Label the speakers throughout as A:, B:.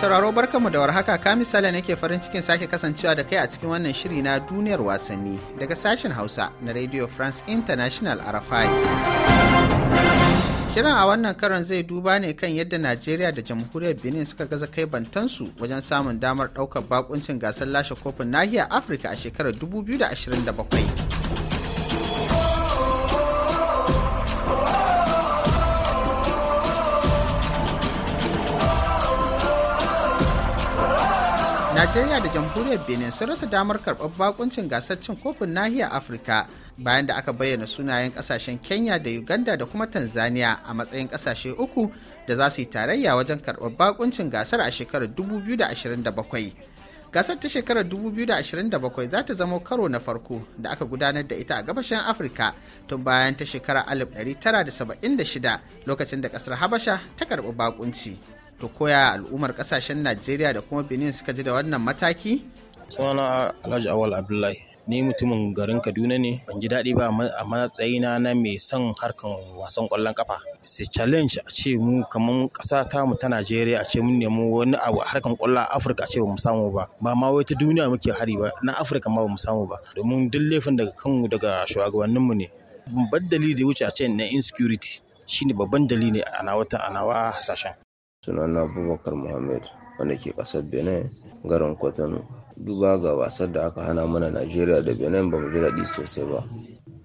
A: sauraro barkanmu da warhaka ka misali nake farin cikin sake kasancewa da kai a cikin wannan shiri na duniyar wasanni daga sashen Hausa na Radio France International RFI. Shirin a wannan karon zai duba ne kan yadda Najeriya da Jamhuriyar Benin suka gaza kai bantansu wajen samun damar ɗaukar bakuncin gasar lashe kofin nahiyar Afirka a shekarar 2027. Najeriya da jamhuriyar Benin sun rasa damar karɓar bakuncin gasar cin kofin nahiyar Afirka bayan da aka bayyana sunayen kasashen Kenya da Uganda da kuma Tanzania a matsayin kasashe uku da za su yi tarayya wajen karɓar bakuncin gasar a shekarar 2027. Gasar ta shekarar 2027 za ta zama karo na farko da aka gudanar da ita a gabashin Afirka tun bayan ta shekarar 1976 lokacin da kasar Habasha ta karɓi bakunci. to koya al'ummar kasashen najeriya da kuma benin suka ji da wannan mataki sunana alhaji awal abdullahi ni mutumin garin kaduna ne ban ji daɗi ba a matsayina na mai son harkan wasan ƙwallon kafa sai
B: challenge a ce mu kamar ƙasa ta mu ta najeriya a ce mun nemo wani abu a harkan ƙwallon afirka a ce ba mu samu ba ba ma wai ta duniya muke hari ba na afirka ma ba mu samu ba domin duk laifin daga kanmu daga mu ne babban dalili da wuce a ce na insecurity shine babban dalili a nawa ta a nawa hasashen sunana abubakar muhammad wanda ke kasar benin garin kwatano duba ga wasan da aka hana mana najeriya da benin ba mu ji daɗi sosai ba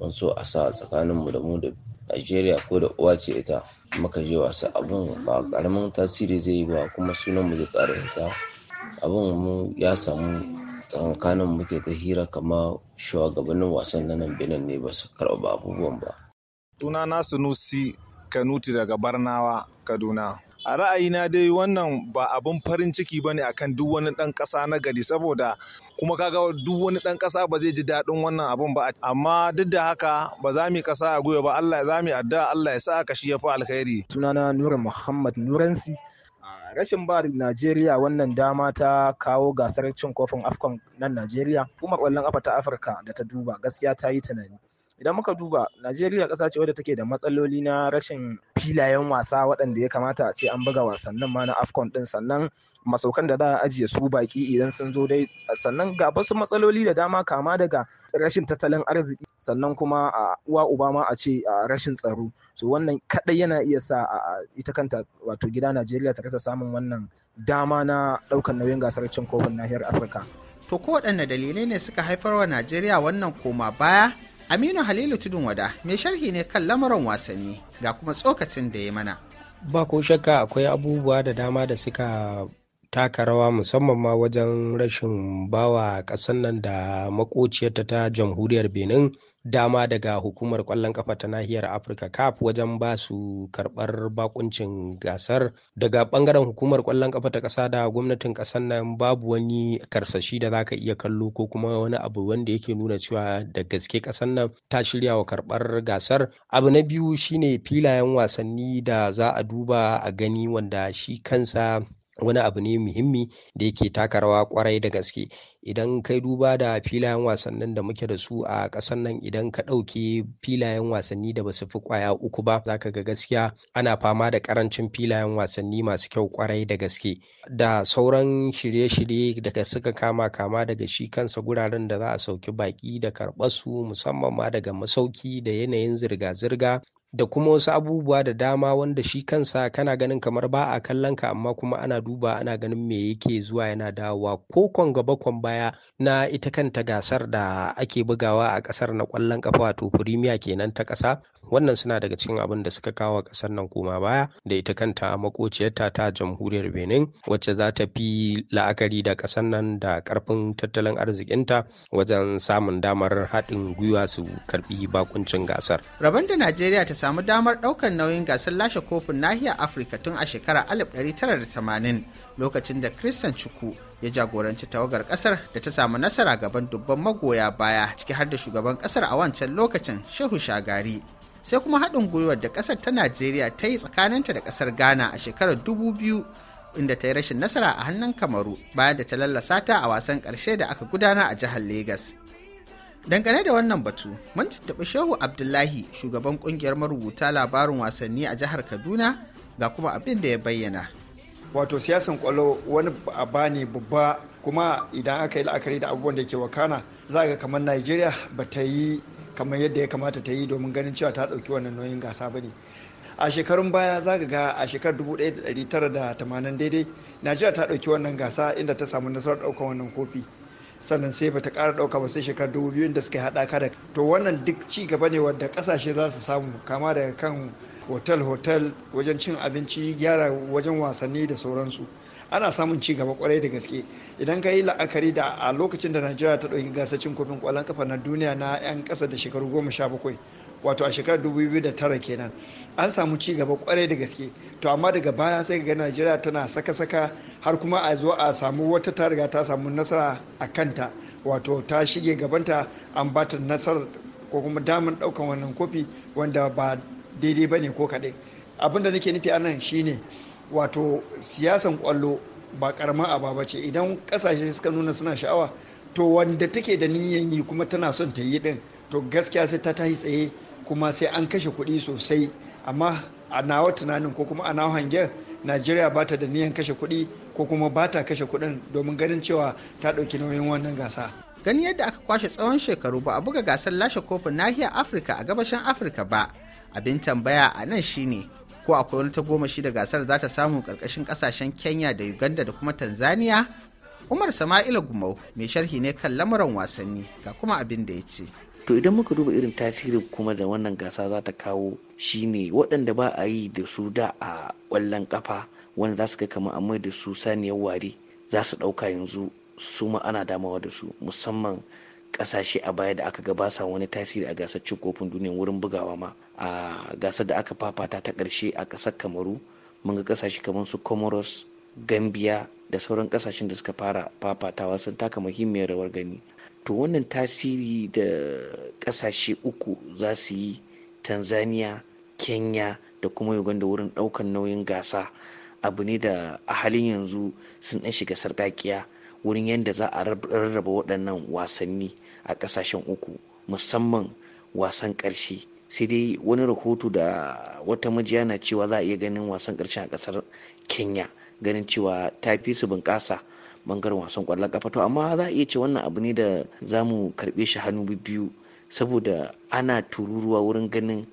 B: mun so a sa tsakaninmu da mu da najeriya ko da uwa ce ita muka je wasa abun ba karamin tasiri zai yi ba kuma sunan mu zai ƙara ta. abun mu ya samu mu ke ta hira kama shugabannin wasan na nan benin ne ba su karɓa abubuwan ba.
A: Tuna na Sunusi Kanuti daga Barnawa, Kaduna. A ra'ayina dai wannan ba abin farin ciki ba ne akan duk wani ɗan ƙasa na gari saboda kuma kaga duk wani ɗan ƙasa ba zai ji daɗin wannan abin ba amma duk da haka ba za mu ƙasa a gwiwa ba Allah za mu addu'a Allah ya sa ka shi ya fi alkhairi.
B: Sunana Nura Muhammad Nuransi. rashin ba Najeriya wannan dama ta kawo gasar cin kofin Afcon nan Najeriya, kuma kwallon afa ta Afirka da ta duba gaskiya ta yi tunani. idan muka duba najeriya ƙasa ce wadda take da matsaloli na rashin filayen wasa waɗanda ya kamata a ce an buga wasannin ma na afcon ɗin sannan masaukan da za a ajiye su baki idan sun zo dai sannan ga wasu matsaloli da dama kama daga rashin tattalin arziki sannan kuma a uwa uba ma a ce rashin tsaro so wannan kaɗai yana iya sa a ita kanta wato gida najeriya ta rasa samun wannan dama na ɗaukar nauyin gasar cin kofin nahiyar afirka to ko
A: waɗanne dalilai ne suka haifar wa najeriya wannan koma baya Aminu Halilu Tudun Wada mai sharhi ne kan lamarin wasanni ga kuma tsokacin da ya mana.
B: Ba ko shakka akwai abubuwa da dama da suka taka rawa musamman ma wajen rashin bawa ƙasar nan da makociyarta ta jamhuriyar benin dama daga hukumar kwallon kafa ta nahiyar afirka kaf wajen ba su karɓar bakuncin gasar daga ɓangaren hukumar kwallon kafa ta ƙasa da gwamnatin ƙasar nan babu wani karsashi da zaka iya kallo ko kuma wani abu wanda yake nuna cewa da gaske ƙasar nan ta shirya wa karɓar gasar abu na biyu shine filayen wasanni da za a duba a gani wanda shi kansa wani abu ne muhimmi da yake taka rawa kwarai da gaske idan kai duba da filayen wasannin da muke da su a ƙasar nan idan ka ɗauki filayen wasanni da ba su fi ƙwaya uku ba za ka ga gaskiya ana fama da ƙarancin filayen wasanni masu kyau kwarai da gaske da sauran shirye-shirye daga suka kama kama daga shi kansa guraren da za a sauki baƙi da karɓar su musamman ma daga masauki da yanayin zirga-zirga da kuma wasu abubuwa da dama wanda shi kansa kana ganin kamar ba a kallon ka amma kuma ana duba ana ganin me yake zuwa yana dawowa ko kon gaba kon baya na ita kanta gasar da ake bugawa a kasar na kwallon kafa wato firimiya kenan ta kasa wannan suna daga cikin abin da suka kawo kasar nan koma baya da ita kanta makociyarta ta jamhuriyar benin wacce za ta fi la'akari da kasar nan da karfin tattalin arzikinta wajen samun damar haɗin gwiwa su karbi bakuncin gasar
A: rabon da najeriya ta samu damar ɗaukar nauyin gasar lashe kofin nahiyar afirka tun a shekarar 1980 lokacin da christian chuku ya jagoranci tawagar kasar da ta samu nasara gaban dubban magoya baya ciki har da shugaban kasar a wancan lokacin shehu shagari sai kuma haɗin gwiwar da kasar ta najeriya ta yi tsakaninta da kasar ghana a shekarar 2000 inda ta yi rashin nasara a hannun kamaru bayan da ta lallasa ta a wasan ƙarshe da aka gudana a jihar Legas. Dangane da wannan batu, mun tuntuɓi Shehu Abdullahi, shugaban kungiyar marubuta labarin wasanni a jihar Kaduna ga kuma abin da ya bayyana.
C: Wato siyasan kwallo wani ba ne babba kuma idan aka yi la'akari da abubuwan da ke wakana za ga kamar Najeriya ba ta yi kamar yadda ya kamata ta yi domin ganin cewa ta ɗauki wannan nauyin gasa ba ne. a shekarun baya za ga a shekarar 1980 daidai najeriya ta ɗauki wannan gasa inda ta samu nasarar ɗaukar wannan kofi sannan sai bata kara ɗauka ba sai shekaru dubu biyu da suka haɗaka da to wannan duk ci gaba ne wadda kasashe za su samu kama daga kan hotel-hotel wajen cin abinci gyara wajen wasanni da sauransu ana samun ci gaba kwarai da gaske idan ka yi la'akari da a lokacin da najeriya ta ɗauki gasar cin kofin kwallon kafa na duniya na 'yan kasa da shekaru goma sha bakwai wato a shekarar 2009 kenan an samu ci gaba kwarai da gaske to amma daga baya sai ga najeriya tana saka-saka har kuma a zo a samu wata ta riga ta samu nasara a kanta wato ta shige gabanta an ba ta nasarar ko kuma damar daukan wannan kofi wanda ba daidai ba ne ko kaɗai abinda nake nufi a nan shine wato siyasan kwallo ba karama baba ce idan kasashe suka nuna suna sha'awa to wanda take da niyan yi kuma tana son ta yi din to gaskiya sai ta tashi tsaye kuma sai an kashe kuɗi sosai amma a nawa tunanin ko kuma a nawa hangen najeriya ba ta da niyan kashe kuɗi ko kuma ba ta kashe kuɗin domin ganin cewa ta ɗauki nauyin wannan gasa
A: gani yadda aka kwashe tsawon shekaru ba a buga gasar lashe kofin nahiyar afirka a gabashin afirka ba abin tambaya a nan shine ko akwai wani ta goma shi da gasar za ta samu karkashin ƙasashen kenya da uganda da kuma tanzania umar sama'ila gumau mai sharhi ne kan lamuran wasanni ga kuma abin da ya ce
D: to idan muka duba irin tasirin kuma da wannan gasa za ta kawo ne waɗanda ba a yi da su da a ƙwallon ƙafa wanda za su ga kama amai da su saniyar wari za su ɗauka yanzu su ma ana damawa da su musamman ƙasashe a baya da aka sa wani tasiri a gasar cin kofin duniya wurin bugawa ma a gasar da aka fafata ta ƙarshe a ƙasar kamaru mun ga ƙasashe kamar su comoros gambia da sauran ƙasashen da suka fara fafatawa sun taka muhimmiyar rawar gani to wannan tasiri da ƙasashe uku za su yi tanzania kenya da kuma uganda wurin ɗaukan nauyin gasa abu ne da a halin yanzu sun ɗan shiga sarƙaƙiya wurin yadda za a rarraba waɗannan wasanni a ƙasashen uku musamman wasan ƙarshe sai dai wani rahoto da wata majiya na cewa za a iya ganin wasan ƙarshe a ƙasar kenya ganin cewa ta fi su bunƙasa bangaren wasan kwallon kafa to amma za a iya ce wannan abu ne da za mu karɓe shi hannu biyu saboda ana tururuwa wurin ganin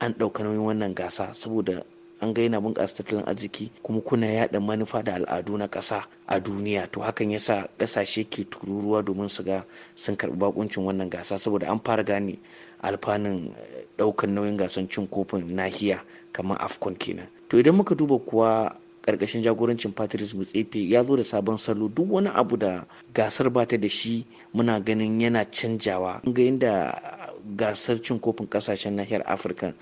D: an ɗauka nauyin wannan gasa saboda an ga yana bunƙasa tattalin arziki kuma kuna yaɗa manufa da al'adu na ƙasa a duniya to hakan yasa ƙasashe ke tururuwa domin su ga sun karɓi bakuncin wannan gasa saboda an fara gane alfanun eh, ɗaukan nauyin gasan cin kofin nahiya kamar afcon kenan to idan muka duba kuwa karkashin jagorancin patrice mutsefe ya zo da sabon salo duk wani abu da gasar ba ta da shi muna ganin yana canjawa ga yadda gasar cin kofin kasashen nahiyar afirka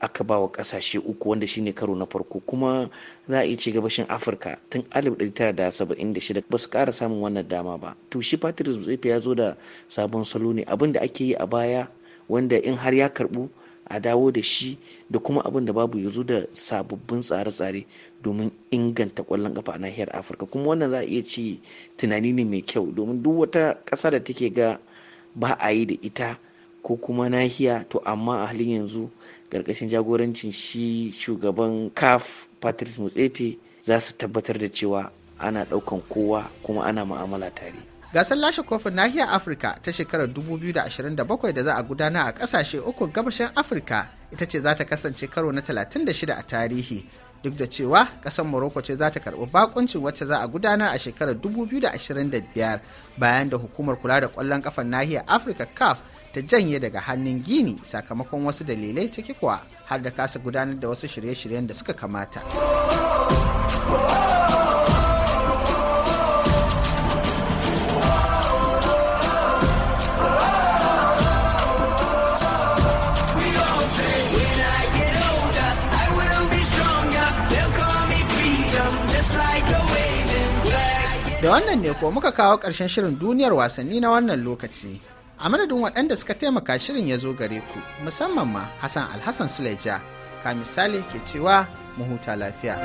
D: aka ba wa kasashe uku wanda shine karo na farko kuma za a iya ci gabashin afirka tun 1976 ba su kara samun wannan dama ba to shi patrice mutsefe ya zo da sabon salo ne abin da ake yi a baya wanda in har ya karbu a dawo da shi da kuma abin da babu ya zo da sababbin tsare-tsare domin inganta kwallon kafa a nahiyar afirka kuma wannan za a iya ce tunani ne mai kyau domin duk wata ƙasa da take ga ba a yi da ita ko kuma nahiya to amma a halin yanzu ƙarƙashin jagorancin shi shugaban caf patrice mutsefe za su tabbatar da cewa ana ɗaukan kowa kuma ana mu'amala tare
A: gasar lashe kofin nahiyar afirka ta shekarar 2027 da za a gudana a kasashe uku gabashin afirka ita ce za ta kasance karo na 36 a tarihi duk da cewa kasar morocco ce za ta karbi bakuncin wacce za a gudanar a shekarar 2025 bayan da hukumar kula da kwallon kafan nahiyar afirka caf ta janye daga hannun gini sakamakon wasu dalilai ciki kuwa har da kasa gudanar da wasu shirye-shiryen da suka kamata. Da wannan ne ko muka kawo ƙarshen shirin duniyar wasanni na wannan lokaci. A madadin waɗanda suka taimaka shirin ya zo gare ku musamman ma Hassan Alhassan Suleja, ka misali ke cewa mu huta lafiya.